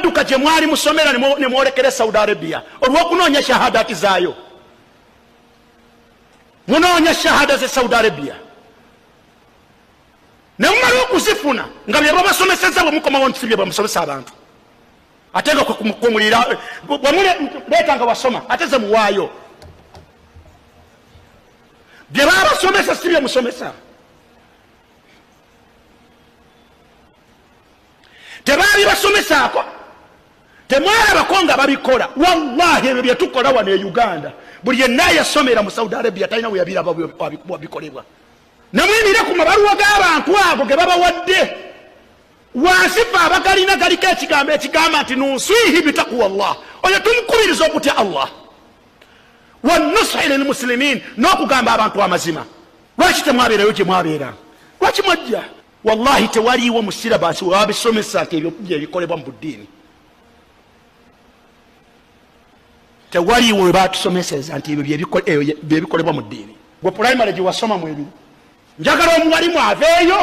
mwadduka gye mwali musomera ne mwolekera saudi arabia olw'okunoonya shahadati zaayo munoonya shahada ze saudi arabia nemumala okuzifuna nga bye babasomeseza bwemukomawo nti bye bamusomesa abantu ate nga kwekumulira bwemuleeta eh, nga wasoma ate ze muwaayo bye babasomesa si bye musomesa tebaali basomesaako temwalabako nga babikola wallahi ebyo byetukola wano e uganda buli yenna yasomera mu saudi arabia talina weyabiraba wabikolebwa namwemire ku mabaluwa g'abantu ago ge babawadde wansifa abagalina galiko ekigambo ekigamba nti nunswihi bitakuwa llah oyo tumukubiriza okutya allah wanusuhi lilmusilimin n'okugamba abantu amazima lwaki temwabeerayo gye mwabeera lwaki mwajja wallahi tewaliiwo musirabansi wewabisomesa nti ebyokuja ebikolebwa mu buddiini tewaliwo webatusomeseza nti byebikolebwa mu ddiini gwe pulayimale gyewasoma mwebi njagala omuwalimu aveeyo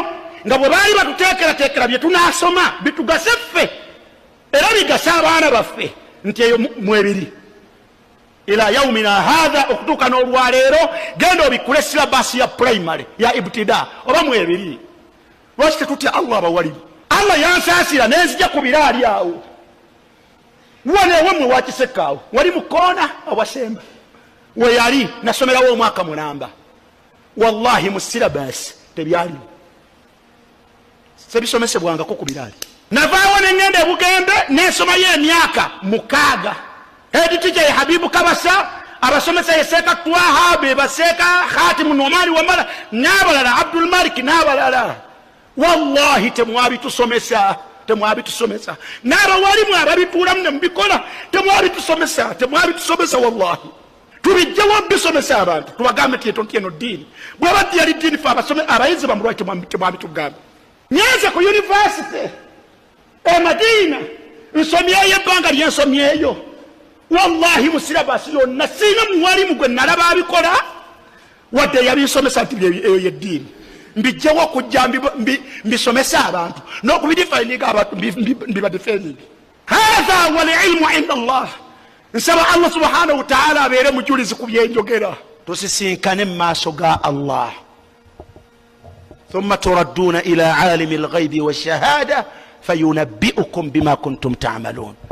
nga bwe baali batuteekerateekera byetunasoma bitugase ffe era bigase abaana baffe nti eyo mwebiri ila yaumina hatha okutuuka n'olwaleero genda obikule sirabasi ya pulayimale ya ibutida oba mwebiri lwaki tetutya allah abawalimu allah yansaasira nenzija kubiraali awo wone we mwewakisekaawo wali mukona awasemba weyali nasomerawo omwaka munamba wallahi mu silabasi tebyaliwo sebisomesebwangako ku biraali navaawo nengenda ebugembe nensomayo emyaka mukaaga editika ye habibu kabasa abasomesa ye twaha be baseeka khatimu nomani wamala n'abalala abdulmaliki n'abalala wallahi temwabitusomesa temwabitusomesa n'abawalimu ababituulamu ne mubikola temwabitusomesa temwabitusomesa wallahi tubijjawo bisomesa abantu tubagambe ti etonti eno diini bwaba gyeyali diini fe abasome abayizi bamulwaki temwabitugambe nyanza ku univesity e emadiina nsomyeyo ebbanga lyensomyeyo wallahi musirabasi yonna siina muwalimu gwe nalaba abikola wadde yabinsomesa nti eyo yeddiini mbijjawo okujja mbisomesa abantu n'okubidifaininga abantu mbibadifaininga hatha walilmu inda allah nsaba allah subhanahu wataala abeere mujulizi ku byenjogera tusisinkane mu maaso ga allah thumma turadduuna ila alimi lghaibi washahada fayunabbiukum bima kuntum tamalun